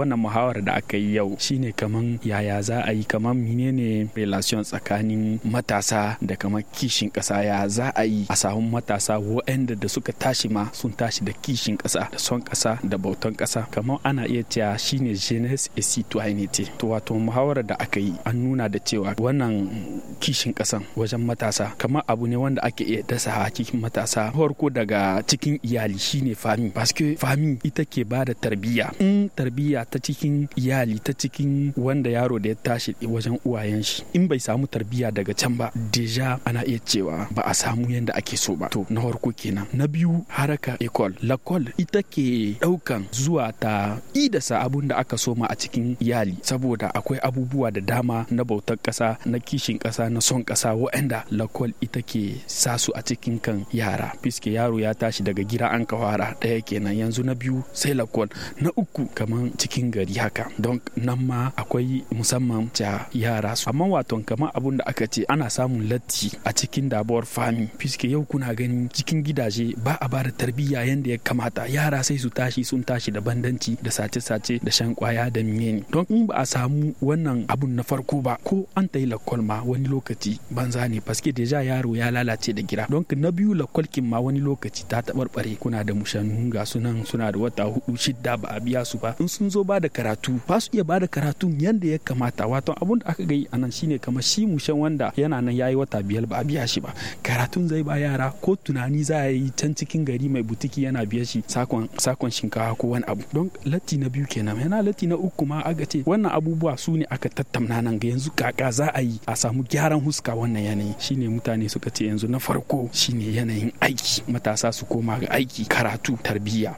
wannan muhawar da aka yi yau shine kaman yaya za a yi kaman menene relation tsakanin matasa da kaman kishin kasa ya za a yi a samu matasa waɗanda da suka tashi ma sun tashi da kishin kasa da son kasa da bautan kasa kaman ana iya cewa shine jeunesse et citoyenneté to wato muhawarar da aka yi an nuna da cewa wannan kishin kasan wajen matasa kamar abu ne wanda ake iya dasa a cikin matasa farko daga cikin iyali shine fami paske fami ita ke ba da tarbiyya in tarbiyya ta cikin iyali ta cikin wanda yaro da ya tashi wajen uwayen shi in bai samu tarbiyya daga can ba deja ana iya cewa ba a samu yadda ake so ba to na farko kenan na biyu haraka ecole lakol ita ke daukan zuwa ta idasa abun da aka soma a cikin iyali saboda akwai abubuwa da dama na bautar kasa na kishin kasa na son kasa waɗanda lakol ita ke sa su a cikin kan yara fiske yaro ya tashi daga gida an kawara ɗaya kenan yanzu na biyu sai lakol na uku kamar cikin cikin gari haka don nan ma akwai musamman ta yara su amma waton kamar abun da aka ce ana samun latti a cikin dabuwar fami fiske yau kuna gani cikin gidaje ba a bada tarbiyya yanda ya kamata yara sai su tashi sun tashi da bandanci da sace-sace da shan kwaya da miyeni don in ba a samu wannan abun na farko ba ko an ta yi lakwal ma wani lokaci banza ne paske deja yaro ya lalace da gira don na biyu lakwalkin ma wani lokaci ta taɓarɓare kuna da mushanu ga sunan suna da wata hudu shidda ba a biya su ba in sun zo so ba da karatu ba su iya ba da karatu yadda ya kamata wato abun da aka gai anan shine kamar shi mushen wanda yana nan yayi wata biyar ba a biya shi ba karatun zai ba yara ko tunani za yi can cikin gari mai butiki yana biya shi sakon sakon shinkawa ko wani abu don latti na biyu kenan yana latti na uku ma aka ce wannan abubuwa su ne aka tattauna nan ga yanzu kaka za a yi a samu gyaran huska wannan yanayi shine mutane suka ce yanzu na farko shine yanayin aiki matasa su koma ga aiki karatu tarbiyya